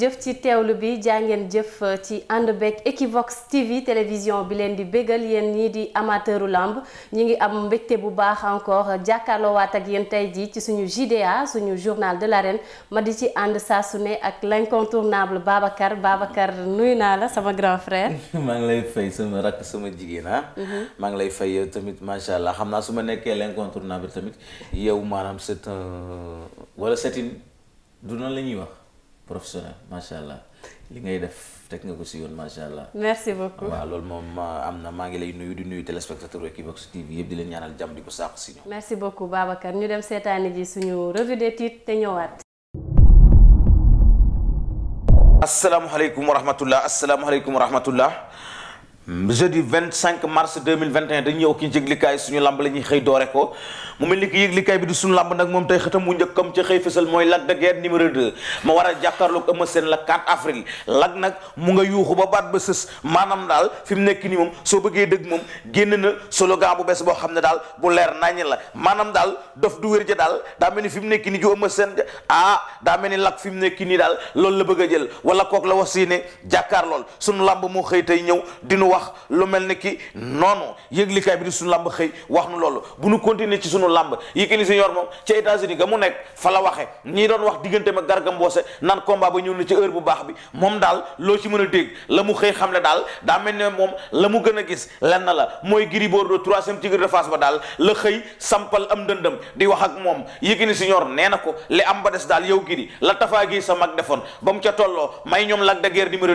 jëf ci teewlu bi jàngeen jëf uh, ci ànd beeg Equivox TV télévision bi leen di bégal yéen ñii di amateuru làmb ñi ngi am mbégte bu baax encore waat ak yéen tey jii ci suñu JDA suñu journal de l'arène ma di ci ànd saa su ne ak l'incontournable Babacar Babacar nuyu naa la sama grand frère. maa ngi lay fay sama rakk sama jigéen ah. Mhm. maa ngi lay fay yow tamit macha allah xam naa su ma nekkee l'incontournable tamit yow maanaam c'est un wala c'est professionnel macha allah li ngay def teg nga ko yoon macha allah. merci beaucoup waaw loolu moom am na maa ngi lay nuyu di nuyu téléspectateur Equivox TV yëpp di leen ñaanal jàmm di ko sàq si ñoom. merci beaucoup Babacar ñu dem seetaani ji suñu revue des titres te ñëwaat. asalaamaaleykum wa rahmatullah asalaamaaleykum Mm, jeudi 25 mars 2021 dañu ñëw ki yëglikaay suñu lamb la ñuy xëy doore ko mu mel ni ki yëglikaay bi di suñu lamb nag moom tey xëtam mu njëkk comme ca xëy fësal mooy Lac de Guiers numéro 2 ma war a jàkkaarloog Eumeu Sène la 4 avril Lac nag mu nga yuuxu ba baat ba sës maanaam daal fi mu nekk ni moom soo bëggee dëgg moom génn na slogan bu bees boo xam ne daal bu leer naññ la maanaam daal dof du wér ja daal daa mel ni fi mu nekk ni ju Eumeu Sène ja ah daa mel ni Lac fi mu nekk nii loolu la bëgg a jël wala kook la wax si ne jàkkaar lool suñu lamb xëy tey ñëw dinu wax lu mel ni ki noonu yëglikaay bi di suñu làmb xëy wax nu loolu bu nu continuer ci suñu làmb Yékini Senior moom ca États-Unis ga mu nekk fa la waxe ñii doon wax diggante ma Garga Mbossé naan combat ba ñëw na ci heure bu baax bi moom daal loo ci mën a dégg la mu xëy xam ne daal daa mel ne moom la mu gën a gis lenn la mooy boo Bordeaux troisième tigre de Fass ba daal la xëy sampal am dëndëm di wax ak moom Yékini Senior nee na ko li am ba des daal yow gi sa mag defoon ba mu ca tolloo may ñoom Lac de Guiers numéro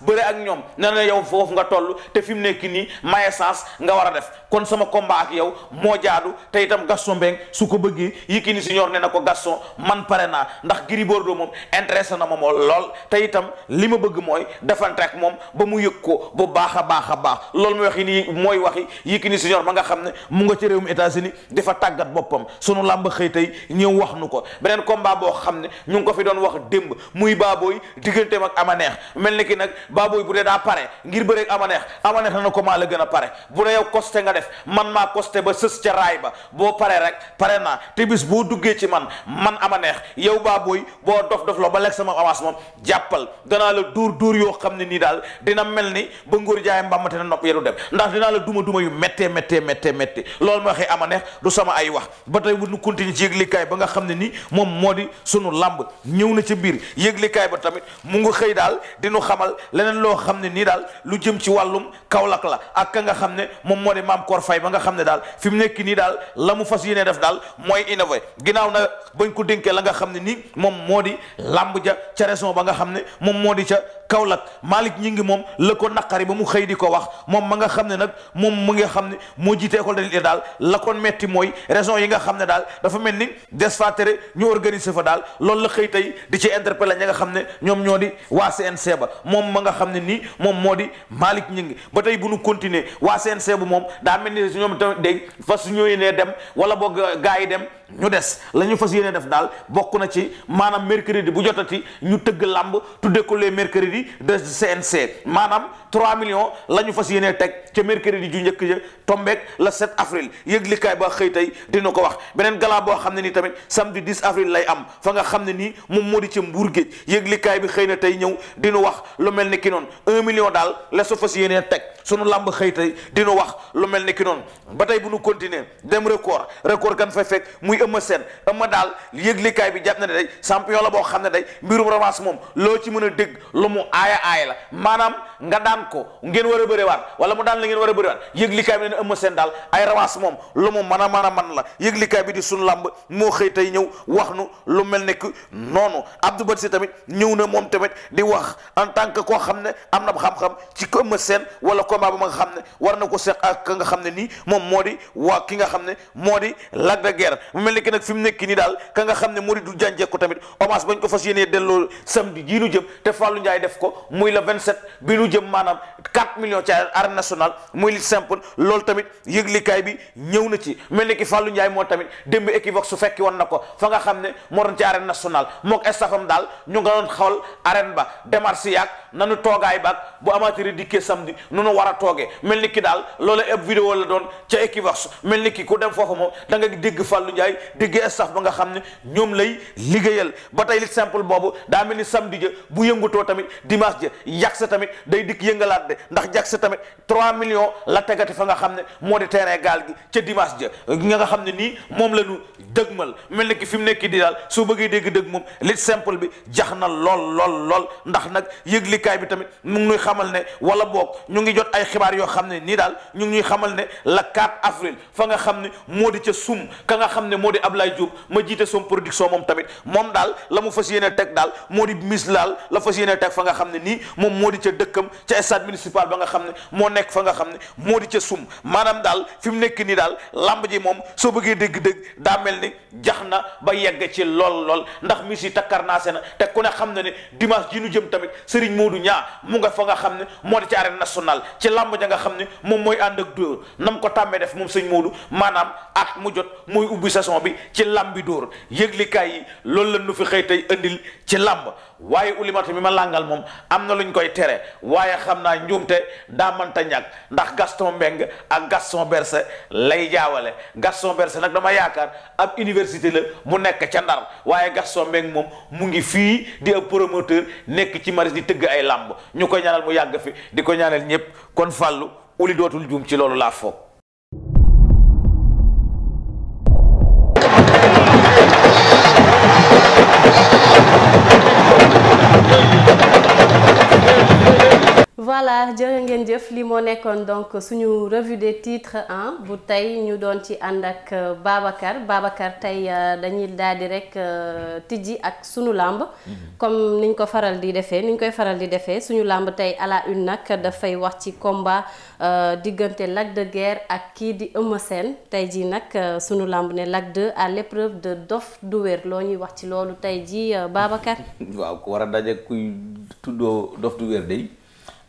bëre ak ñoom nee na yow foofu nga toll te fi mu nekk nii maesance nga war a def kon sama combat ak yow moo jaadu te itam Gaston Mbengue su ko bëggee Yékini Senior nee na ko Gaston man pare naa ndax Gris Bordeaux moom intéressé na ma moom lool te itam li ma bëgg mooy defante ak moom ba mu yëg ko bu baax a baax a baax loolu muy waxi nii mooy waxi Yékini Senior ma nga xam ne mu nga ci réewum États-Unis dafa tàggat boppam sunu làmb xëy tey ñëw wax nu ko beneen combat boo xam ne ñu ngi ko fi doon wax démb muy baabooy digganteem ak ama neex mel ni ki nag baaboy bu dee daa pare ngir bëreeg ama neex ama neex na ko maa la gën a pare bu dee yow costé nga def man maa costé ba sës ca raay ba boo paree rek pare naa te bis boo duggee ci man man ama neex yow baaboy boo dof dof la ba lekk sama avance moom jàppal danaa la dóor dóor yoo xam ne nii daal dina mel ni ba ngóor jaay mbàmmate na nopp yeru dem ndax dinaa la duma duma yu méttee méttee méttee méttee loolu ma waxee ama neex du sama ay wax ba tey bu ñu continuer ba nga xam ne ni moom moo di sunu làmb ñëw na ci biir yëglikaay ba tamit mu ngi xëy daal di xamal leneen loo xam ne nii daal lu jëm ci wàllum Kaolack la ak ka nga xam ne moom moo di maam Kor Faye ba nga xam ne daal fi mu nekk nii daal la mu fas yéene def daal mooy innové ginnaaw na bañ ko dénkee la nga xam ne nii moom moo di làmb ja ca région ba nga xam ne moom moo di ca Kaolack Malick ñi ngi moom la ko naqari ba mu xëy di ko wax moom ma nga xam ne nag moom mu nga xam ne moo jiite école de daal la kon metti mooy raison yi nga xam ne daal dafa mel ni des fa tere ñu organiser fa daal loolu la xëy tey di ci interpeller ñi nga xam ne ñoom ñoo di waa CNC ba moom ma nga xam ne nii moom moo di Malick ñi ngi ba tey bu nu continuer waa CNC bu moom daa mel ni ñoom tamit fa fas ñëwee ne dem wala boog gaa yi dem ñu des la fas yéene def daal bokk na ci maanaam mercredi bu jotati ñu tëgg làmb tudde ko les mercredi de CNC maanaam 3 millions la ñu fas yéene teg ca mercredi ju njëkk ja tombeek la 7 avril yëglikaay ba xëy tey dina ko wax beneen gala boo xam ne nii tamit samedi 10 avril lay am fa nga xam ne nii moom moo di ca mbuur géej yëglikaay bi xëy na tey ñëw dina wax lu mel ni ki noonu 1 million daal la su fas yenee teg sunu làmb xëy tey dinu wax lu mel ni ki Eumeu Sène Eumeu daal yëglikaay bi jàpp na ne day champion la boo xam ne day mbirum revanche moom loo ci mën a dégg lu mu aaya la maanaam nga daan ko ngeen war a bëriwaat wala mu daan la ngeen war a bëriwaat yëglikaay bi ne Eumeu Sène daal ay rawaas moom lu mu mën a mën man la yëglikaay bi di sunu làmb moo xëy tey ñëw wax nu lu mel nekk noonu Abdou Badji tamit ñëw na moom tamit di wax en tant que koo xam ne am na xam-xam ci Eumeu Sène wala combat ba ma xam ne war na ko seq ak nga xam ne nii moom moo di waa ki nga xam ne moo di Lac de Guiers mu mel nekk nag fi mu nekk nii daal ka nga xam ne moo di du jànjee ko tamit hommage bañ ko fas yéenee delloo samedi jii nu jëm te Fallou def ko jëm maanaam 4 millions ci arène nationale muy li simple loolu tamit yëglikaay bi ñëw na ci mel ni ki Fallou Ndiaye moo tamit démb Equivox su fekki woon na ko fa xam ne moo doon ci arène nationale mook estafam daal ñu nga doon xool arène ba démarche yaag nanu toogaay baag bu amateur yi dikkee samedi nu nu war a toogee mel ni ki daal loolu ab vidéo la doon ca Equivox mel ni dem foofu da nga dégg Fallou Ndiaye dégg ba nga xam ne ñoom lay liggéeyal ba tey li simple boobu daa mel ni samedi ja bu yëngutoo tamit dimanche ja yàgg tamit day day dikk yëngalaat de ndax jag sa tamit 3 millions la tegati fa nga xam ne moo di terrain gaal gi ca dimanche ja nga nga xam ne nii moom la ñu dëgmal mel ni daal soo na lool lool bi tamit mu ngi ñuy xamal ne wala boog ñu ngi jot ay xibaar yoo xam ne nii daal ñu ngi ñuy ne la 4 avril fa nga xam ne moo di ca ka nga xam ne moo di Ablaye Diop ma jiite som production moom tamit moom daal la mu fas yéene teg daal moo di mis laal la fas yéene teg fa nga xam ne nii moom moo di ca dëkkam këram ca stade municipal ba nga xam ne moo nekk fa nga xam ne moo di ca sum maanaam daal fi mu nekk nii daal lamb ji moom soo bëggee dégg-dégg daa mel ni jax na ba yegg ci lool lool ndax mis yi takkar naa na te ku ne xam na ne dimanche ji nu jëm tamit sëriñ Modou ñaa mu nga fa nga xam ne moo di ci arène nationale ci lamb ja nga xam ne moom mooy ànd ak dóor nam ko tàmmee def moom sëñ Modou maanaam at mu jot muy ubbi saison bi ci lambi door yëglikaay yi loolu la nu fi xëy tey andil ci lamb waaye ulimata mi ma làngal moom am na luñ koy tere waaye xam naa njuumte daa mënta ñàkk ndax Gaston Mbengue ak Gaston Berger lay jaawale Gaston berse nag dama yaakaar ab université la mu nekk ca Ndar waaye Gaston Mbengue moom mu ngi fii di ab promoteur nekk ci maris di tëgg ay làmb ñu koy ñaanal mu yàgg fi di ko ñaanal ñépp kon fàllu uli dootul juum ci loolu laa foog. voilà jërë ngeen jëf li moo nekkoon donc suñu revue des titres ah bu tey ñu doon ci ànd ak euh, Babacar Babacar tey euh, dañuy daal di rek euh, tijji ak suñu làmb mm-hmm. comme niñ ko faral di defee niñ koy faral di defee suñu làmb tey à une nag dafay wax ci combat diggante Lac de ak kii di Eumeu seen tey jii nag suñu làmb ne Lac à l'épreuve de Dof du Wér loo ñuy wax ci loolu tey jii Babacar. waaw ku war a daje kuy tuddoo Dof du Wér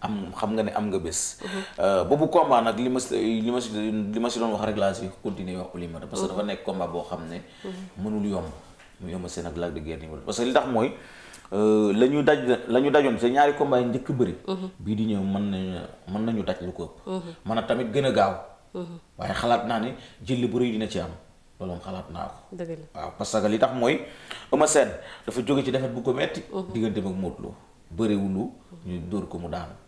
am mm-hmm. xam nga ne am nga bés. Mm-hmm. Euh, boobu combat nag li ma si li ma si li ma si doon wax rek laa si continuer wax ko li ma parce que mm-hmm. dafa nekk combat boo xam ne. mënul yomb li tax mooy euh, la ñu daj la ñu dajoon seen ñaari combat yi njëkk bëri. bii di ñëw mën nañu mën nañu daj lu ko ëpp. mën a tamit gën a gaaw. waaye xalaat naa ni jël bu rëy dina ci am. loolu moom xalaat naa ko. dëgg la waaw parce que li tax mooy Eumeu Sène dafa jóge ci defet bu ko metti diggante ak Modou Lo bëriwulu ñu dóor ko mu daanu.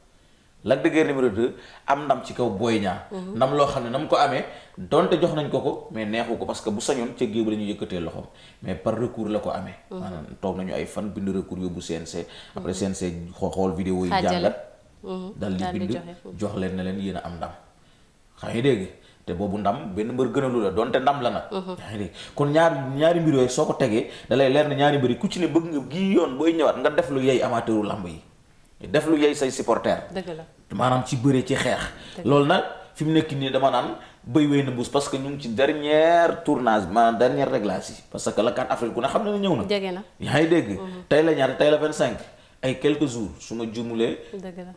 Lac dëggee Guiers numéro am ndam ci kaw booy Niang mhm. ndam loo xam ne na ko amee donte jox nañ ko ko mais neexu ko parce que bu sañoon ca géew la ñu yëkkatee loxoom mais par recours la ko amee mhm. maanaam toog nañu fan bind recours yóbbu CNC mhm. après CNC xool vidéo yi jàngat dal di bind jox leen na leen yéen am ndam xam nga dégg te boobu ndam benn mbër gënalu la donte ndam la nag yaa ñaar ñaari mbir yooyu soo ko tegee da lay leer na ñaari mbir yi ku ci ne bëgg nga gi yoon booy ñëwaat nga def lu yey amateuru làmb yi def lu yey say supporter dëgg la maanaam ci bëre ci xeex loolu nag fi nekk nii dama naan béy wéy na parce que ñu ngi ci dernière tournage maanaam dernière réglage yi parce que la 4 avril ku ne xam ne na ñëw na jege dégg mhm. tey la ñaata tey la vingt cinq ay quelques jours su ma jumulee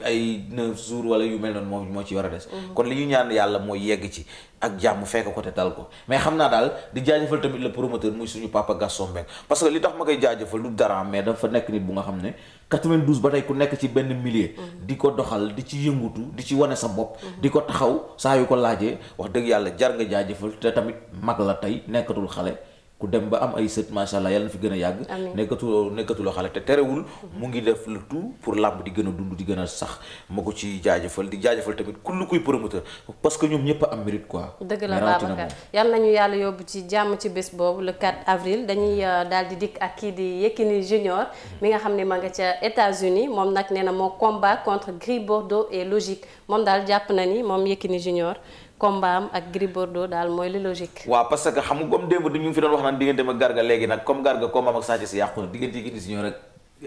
ay neuf jours wala yu mel noonu moom moo ci war a des mhm. kon li ñu ñaan yàlla mooy yegg ci ak jàmm fekk ko te dal ko mais xam naa daal di jaajëfal tamit le promoteur muy suñu papa Gaston Mbengue parce que li tax ma koy jaajëfal du dara mais dafa nekk nit bu nga xam ne 92 ba tey ku nekk ci benn milieu mhm. di ko doxal di ci yëngutu di ci wane sa bopp mhm. di ko taxaw saa yu ko laajee wax dëgg yàlla jar nga jaajëfal te tamit mag la tey nekkatul xale ku dem ba am ay sët macha allah yàlla na fi gën a yàgg nekkatuloo nekkatuloo xale te terewul mu ngi def le tout pour làmb di gën a dund di gën a sax ma ko ci jaajëfal di jaajëfal tamit kullu kuy promoteur parce que ñoom ñëpp am mérite quoi dëgg la Babacar yàlla nañu yàlla yóbbu ci jàmm ci bés boobu le 4 avril dañuy mm. euh, daal di dikk ak kii di Yekini Junior mi nga xam ne ma nga ca États-Unis moom nag nee na moo combat contre Gris Bordeaux et logique moom daal jàpp na ni moom Yekini Junior comme am ak Gris Bordeaux daal mooy li logique. waaw parce que xam nga comme démb du fi doon wax naan diggante ma Garga léegi nag comme Garga combat am ak Sa Thiès yàqu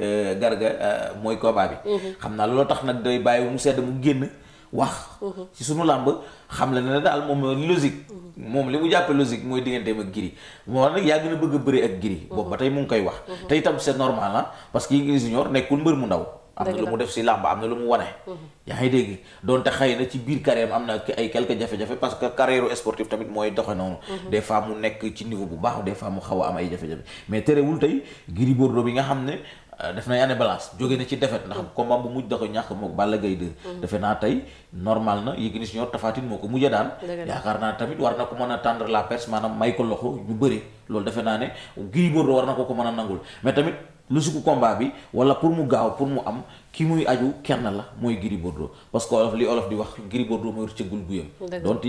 euh, euh, mooy combat bi. Mhm. xam naa loolu tax nag day bàyyi mu sedd mu génn wax. Mhm. ci sunu làmb xam la ne daal moom mhm. moom li mu jàppee mooy digganteem ak Gris moo nag yaa gën a bëgg a bëre ak Gris. boobu ba tey mu ngi koy wax. te itam c'est normal ah, parce que Gris Junior nekkul mbër mu ndaw. am lu mu def si làmb am na lu mu wane mhm. yaa ngi dégg donte xëy na ci biir carrière am na ay quelques jafe-jafe parce que carrière sportive tamit mooy doxe noonu mhm. des fois mu nekk ci niveau baax des fois mu xaw am ay jafe-jafe mais terewul tey Gris Bordeaux bi nga xam ne euh, def na année balance jóge na ci defet ndax mhm. combat bu mujj da ko ñàkk mook Balla gay 2 defe naa tey normal na Yékini Junior Tapha Tine moo ko mujj a daan yaakaar naa tamit war na ko mën a tendre la perche maanaam may ko loxo ñu bëri loolu defe naa ne Gris Bordeaux war na ko ko mën a nangul mais tamit logique combat bi wala pour mu gaaw pour mu am ki muy aju kenn la mooy giri Bordeaux parce que olof li olof di wax Gris Bordeaux mooy rëccagul bu yem. dëgg la donte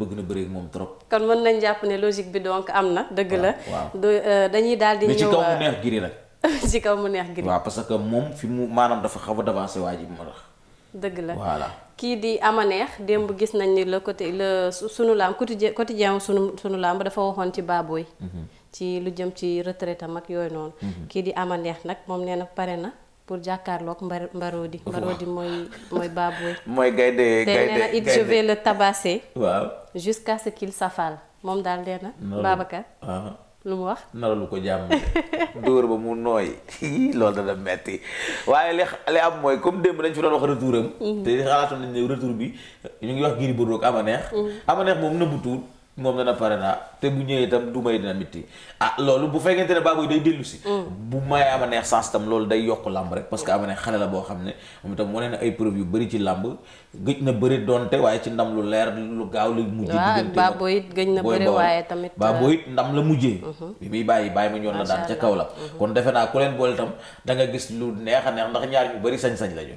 bëgg na bëreeg moom trop. kon mën nañ jàpp ne logique bi donc am na. dëgg la euh, dañuy daal di. ñëw ci kaw mu euh, neex Gris rek. ci kaw mu neex Gris. waaw parce que moom fi mu maanaam dafa xaw a devancer waa ji ma dëgg la voilà kii di amaneex démb gis nañ ni le côté le sunu laam quotidien quotidien sunu sunu laam dafa waxoon ci baabooy mhm. ci lu jëm ci retraite am ak yooyu noonu mhm. kii di amaneex nag moom nee na pare na pour jàkkaarloog mbar mbaroodi mbaroodi mooy mooy baabooy mooy gaynde gaynde nee na it je vais le tabasser waaw jusqu'à ce qu'il s'affale moom daal nee na Babacar lu mu wax naralu ko jàmm dóor ba mu nooy loolu dana metti waaye li li am mooy comme démb dañ fi doon wax retouram mm-hmm. te xalaatoon nañ ne retour bi ñu ngi wax Gris Bordeaux am a Neex mm-hmm. Ama Neex moom tuut moom dana pare naa te bu ñëwee itam du may dina mitti ah loolu bu fekkente ne baaboy day dellu si. Mm. bu mayee ama neex sens tam loolu day yokk làmb rek parce que ama neex xale la boo xam ne moom itam wane na ay preuve yu bëri ci làmb gëj na bëri donte waaye ci ndam lu leer lu gaaw la mujjee. diggante baaboo it gëj na bëri waaye tamit. baaboo euh, it ndam la mujjee. Mhm. bi muy bàyyi bàyyi ma ñoon la daan ca kaw la. Mhm. kon defe naa ku leen boole tam danga gis lu neex a neex ndax ñaar ñu bëri sañ-sañ lañu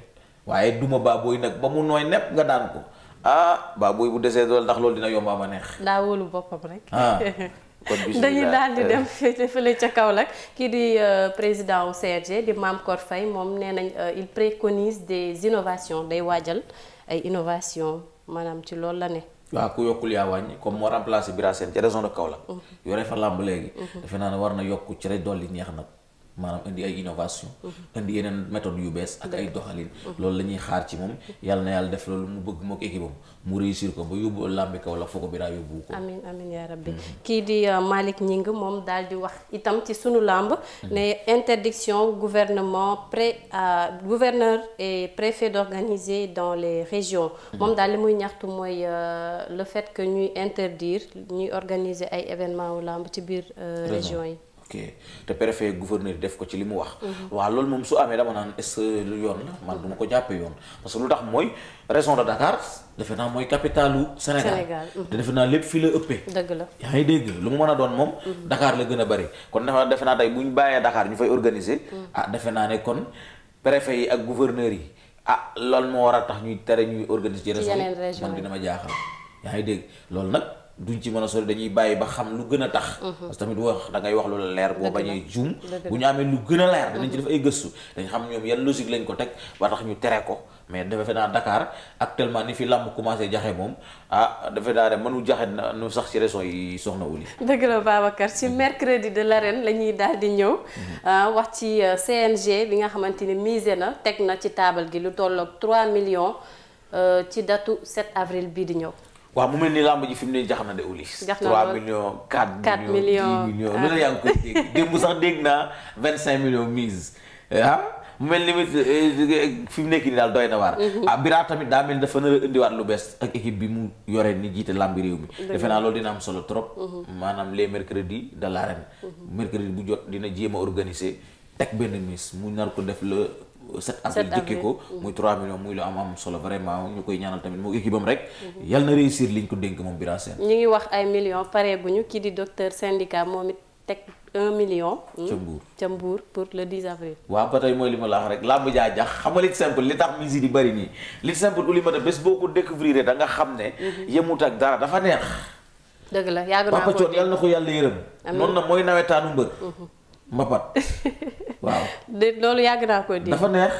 waaye duma baaboo yi nag ba mu nooy nepp nga daan ko ah ba booy bu desee dool ndax loolu dina yomb ama neex. daa wóolu boppam rek. Ah, dañuy daal di eh. dem fële ca Kaolack kii di euh, président wu CRG di Mame Cor moom nee nañ euh, il préconise des innovations day waajal ay innovations maanaam ci loolu la ne. waaw ku yokkul yaa wàññi comme moo remplacé Bira Sène ca région de Kaolack. Mhm. yore fa làmb léegi. Mhm. defe naa ne war na yokk ci rek yi ñeex nag. maanaam indi ay innovation mhm. indi yeneen méthode yu bees ak ay doxalin mhm. loolu la ñuy xaar ci moom yàlla na yàlla def loolu mu bëgg mook équipe am mu réussir ko ba yóbbu làmbi kaw la foo ko biraa yóbbu ko amin amin yaa rabbi mhm. kii di euh, Malick Gningue moom daal di wax itam ci suñu làmb ne interdiction gouvernement pré euh, gouverneur et préfet d'organiser dans les régions moom daal li muy ñaxtu mooy euh, le fait que ñuy interdire ñuy organiser ay événement wu làmb ci biir région yi ok te préfet gouverneur def ko ci li mu wax. Mhm. waaw loolu moom su amee dama naan est ce yoon la man du ma ko jàppee yoon parce que lu tax mooy région de Dakar defe naa mooy capitalu Sénégal. Mhm. te defe lépp fii la ëppee. dëgg la yaa ngi dégg lu mu mën a doon moom. Mhm. Dakar la gën a bari kon defe naa tey bu ñu bàyyee Dakar ñu fay organiser. ah defe naa ne kon préfet yi ak gouverneur yi ah loolu moo war a tax ñuy tere ñuy organiser. ci yeneen man dina ma jaaxal yaa ngi dégg loolu nag. duñ ci mën a sori dañuy bàyyi ba xam lu gën a tax mhm. parce que tamit wax da ngay wax lu la leer boo bañee juum bu ñu amee lu gën a leer mhm. danañ ci def ay gëstu dañ xam ñoom yan logique lañ ko teg ba tax ñu tere ko mais defe naa Dakar actuellement ni fi làmb commencé jaxe moom ah defe naa ne mënu jaxe nu sax ci régions yi soxna uli dëgg la Babacar ci mercredi de l'arène la ñuy daal di ñëw mhm. ah, wax ci euh, CNG bi nga xamante ni misé na teg na ci taabal gi lu tolloog 3 millions euh, ci datu 7 avril bii di ñëw waaw mu mel ni làmb ji fi mu ne jax na de Ulysse. jax na 3 millions 4 millions 10 millions lu ne ah. yaa koy dégg démb sax dégg naa 25 millions mise ah mu mel ni eh, fi mu nekk nii daal doy na waar. Mhm. a ah, Bira tamit daa mel dafa nar indiwaat lu bees ak équipe bi mu yore ni jiite làmbi réew mi. defe naa loolu dina am solo trop. Mhm. maanaam les mercredis de l'arène. Mhm. mercredi bu jot dina jéem a teg benn mise mu nar ko def le. 7 avril jëkkee ko mhm. muy 3 millions muy lu am am solo vraiment ñu koy ñaanal tamit moo équipe rek mhm. yàlla na réussir liñ ko dénk moom Bira Sène ñu ngi wax ay millions pare guñu kii di docteur syndicat moom it teg 1 million hmm? ca Mbour ca pour le 10 avril waaw ba tey mooy li ma la wax rek làmb jaa jax xam nga li simple li tax musique di bëri nii li simple ulimata bés boo ko découvrir da nga xam ne mhm. yemut ak dara dafa neex dëgg la yàgg naa ko Papa na waaw loolu yàgg naa ko di dafa neex.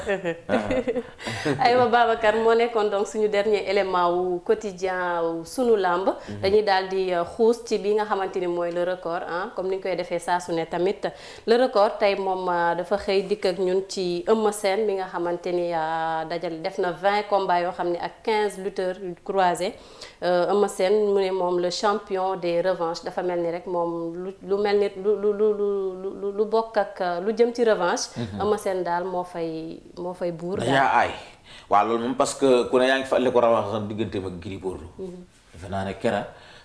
aywa Babacar moo nekkoon donc suñu dernier élément wu quotidien wu sunu làmb. Mhm. dañuy daal di euh, xuus ci bii nga xamante ni mooy le record ah comme ni ñu koy defee saa su ne tamit le record tey moom euh, dafa xëy dikk ak ñun ci Eumeu Sène bi nga xamante ni euh, dajal def na vingt combats yoo xam ne ak quinze lutteurs croisés. Euh, Eumeu Sène mu ne moom la champion des revanches dafa mel ni rek moom lu lu mel nit lu lu lu lu lu bokk ak euh, lu jëm ci revanche. Mhm. Eumeu daal moo fay moo fay buur. daal yaa aay waaw loolu moom parce que ku ne yaa ngi fàttali ko revanche am digganteem ak Gris Bordeaux. Mhm. defe naa ne kera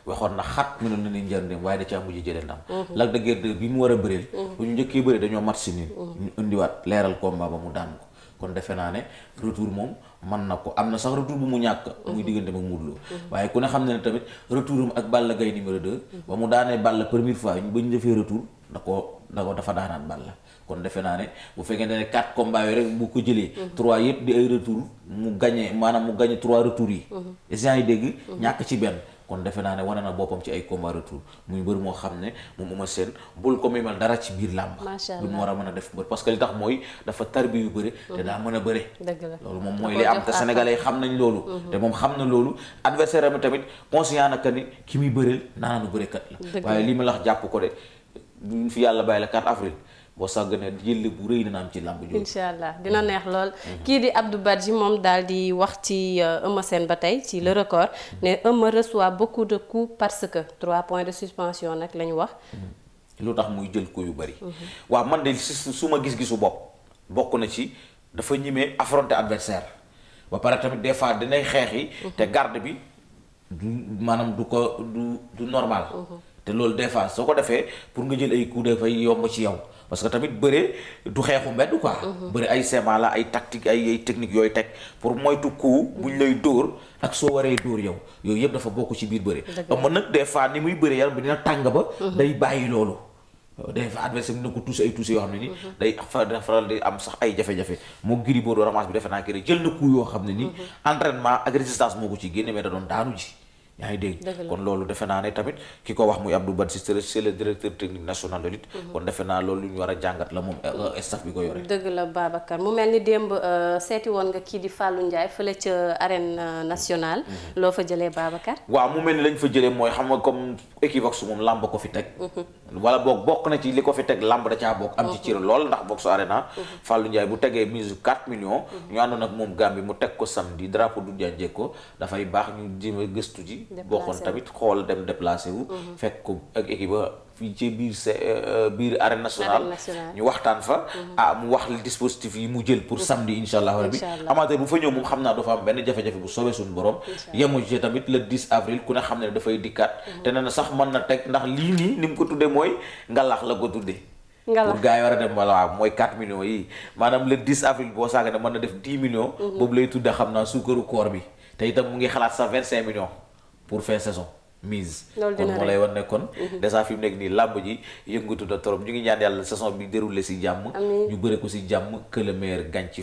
waxoon na xat mënoon na leen njëriñam waaye da caa mujj jëlee ndam. Mhm. Lac de Guiers 2 bi mu war a bëreel. bu ñu njëkkee bëree dañoo mat si nii. ñu indiwaat leeral combat ba mu daan kon defe naa ne retour moom man na ko am na sax retour bu mu ñàkk muy mhm. diggante ak Modou Lo mhm. waaye ku ne xam ne ne tamit retouram ak Balla Gaye numéro 2 mhm. ba mu daanee Balla première fois ba ñu defee retour da ko da ko dafa daanaat Balla kon defe naa ne bu fekkente ne quatre combats yooyu rek bu ko jëlee trois yëpp di ay retour mu gagné maanaam mu gagné trois retours yi agent yi dégg ñàkk ci benn kon defe naa ne wane na boppam ci ay combat retour muy mbër moo xam ne moom Eumeu Sène bul ko mimal dara ci biir làmb lu a mën a parce que li tax mooy dafa tarbi yu bëre te daa mën a bëre loolu moom mooy li am te sénégalais xam nañ loolu mhm. te moom xam na loolu adversaire am tamit conscient na que ni ki muy bëri bëreel naanaanu kat la waaye li ma la wax jàpp ko de bu ñu fi yàlla bàyyi la 4 avril boo sàgganee jëlle bu rëy na am ci làmb jooju. incha allah dina neex lool. kii di Abdou Badji moom daal di wax ci euh, Eumeu Sène ba tey ci le mm-hmm. record ne Eumeu reçoit beaucoup de coups parce que trois points de suspension nag la ñu wax. Mm-hmm. lu tax muy jël ko yu bari. Mm-hmm. waa man de su ma gis-gisu bopp bokk na ci dafa ñimee affronter adversaire ba pare tamit des fois dinay xeexi te garde bi maanaam du ko du du normal. te loolu des fois soo ko defee pour nga jël ay coups dafay yomb ci yow. parce que tamit bëre du xeexu mbedd quoi. Mhm. bëre ay sema la ay tactique ay ay technique yooyu teg pour moytu coup buñ lay dóor ak soo waree dóor yow yooyu yëpp dafa bokk ci biir bëre. am nag des fois ni muy bëre yaram bi dina tàng ba. Mhm. day bàyyi loolu. des fois adversaire bi dina ko tuuse ay yoo xam ne ni mhm. day faral di am sax ay jafe-jafe moo Gris Bordeaux ramas bi defe naa kii jël na coup yoo xam ne ni entraînement ak résistance moo ko ci génne mais da doon daanu ji. yaa ngi dégg kon loolu defe naa ne tamit ki ko wax muy Abdou Badji c'est le directeur technique national de lutte mhm. kon defe naa loolu ñu war a jàngat la moom euh, euh, staff bi ko yore dëgg la Babacar mu mel ni démb euh, seeti woon nga kii di Fallou Ndiaye fële ca arène nationale mhm. loo fa jëlee Babacar waa mu mel ni lañu fa jëlee mooy xam nga comme Equivox moom làmb ko fi teg mhm. wala boog bokk na ci li ko fi teg làmb da caa bokk am ci cër lool ndax Vox Arena Fallou Ndiaye bu tegee mise 4 millions ñu àndoon ak moom Gambie mu teg ko samedi drapeau du Ndiaye ko dafay baax ñu jéem gëstu ji boo bokkoon tamit xool dem déplacé wu. Mhm. fekk ko ak équipe ba fii ci biir sa euh, euh, biir arène nationale. ñu waxtaan fa. Mhm. ah mu wax li dispositif yi mu jël pour samedi incha allah rabbi amateur bu fa ñëw moom xam naa dafa am benn jafe-jafe bu soobee suñu borom. yemu ci tamit le dis avril ku ne xam ne dafay dikkaat. Mhm. te nee na sax mën na teg ndax lii nii ni mu ko tuddee mooy ngalax la ko tuddee. ngalax pour gars yi war a dem wala waaw mooy 4 millions yi maanaam le 10 avril boo saaga ne mën na def 10 millions. boobu lay tudda xam naa suukaru koor bi te itam mu ngi xalaat sax 25 millions. pour fin saison mise kon moo lay wan ne kon mhm. dèjà fi mu nekk nii làmb ji yëngatu na trop ñu ngi ñaan yàlla saison bi déroulé si jàmm ñu bëre ko si jàmm que le meilleur gagne ci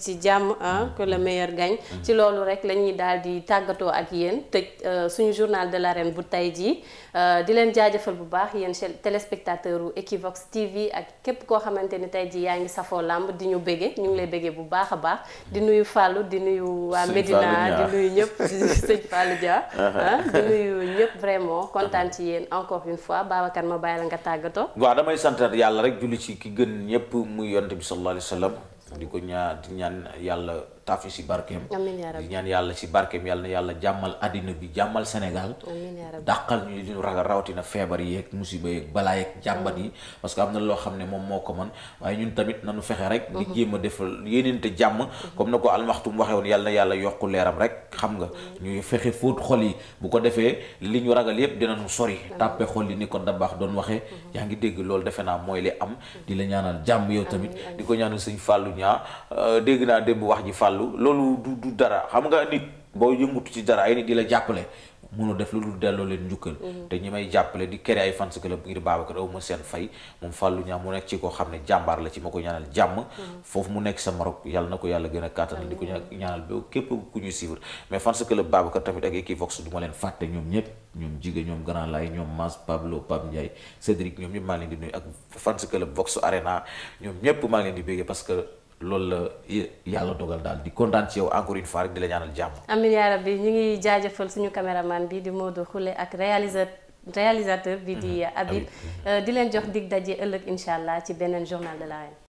ci jàmm mhm. que le meilleur mhm. ci loolu rek la ñuy daal di tàggatoo ak yéen tëj euh, suñu journal de la l'arène bu tey jii euh, di leen jaajëfal bu baax yéen téléspectateur u Equivox TV ak képp koo xamante ni tey jii yaa ngi safoo làmb di ñu bége ñu ngi lay bége bu baax a baax di nuyu Fallou di nuyu waa Médina di nuyu ñëpp sëñ Fallou Dia. Uh-huh. Ah, di nuyu ñëpp vraiment kontaan ci yéen encore une fois Babacar ma bàyyi la nga tàggatoo. waaw damay santaat yàlla rek julli ci ki gën ñëpp muy yonent bi sallallahu alayhi wa sallam di ko ñaan di ñaan yàlla. taafi si barkeem di ñaan yàlla si barkeem yàlla na yàlla jàmmal àddina bi jàmmal Sénégal dàqal ñu li ñu ragal rawatina feebar yi ak musiba yi ak balaa yi ak yi parce que am na loo xam ne moom moo ko man waaye ñun tamit nañu fexe rek mhm. jéem a defal yéeneente jàmm mhm. comme na ko almaxtum waxee woon yàlla na yàlla yokku leeram rek xam nga ñuy fexe fóot xol yi bu ko defee li ñu ragal yépp dinañu sori tàppe xol yi ni ko dabaax doon waxee mhm. yaa ngi dégg loolu defe naa mooy li am di la ñaanal jàmm yow tamit di ko ñaanal sëñ Fallou euh, dégg naa démb wax ji Fall fàllu loolu du du dara xam nga nit boo yëngutu ci dara ay nit di la jàppale mënoo def lu dul delloo leen njukkal mm-hmm. te ñi may jàppale di créer ay fans club ngir Babacar aw ma seen xam ne jàmbaar la ci ma ko ñaanal jàmm mm-hmm. foofu mu nekk sa na ko yàlla gën a kàttanal di ko ñaanal ba képp ku ñuy suivre mais fans club Babacar tamit ak Equivox du ma leen fàtte ñoom ñëpp ñoom Jigé maa leen di nuyu loolu la yàlla dogal daal di kontaan ci yow encore une fois rek di la ñaanal jàmm. amiin yaa rabbi ñu ngi jaajëfal suñu caméraman bi di Modou Khoule ak réalisateur réalisateur bi di Habib euh, di leen jox dig daje ëllëg incha allah ci beneen journal de l'arène.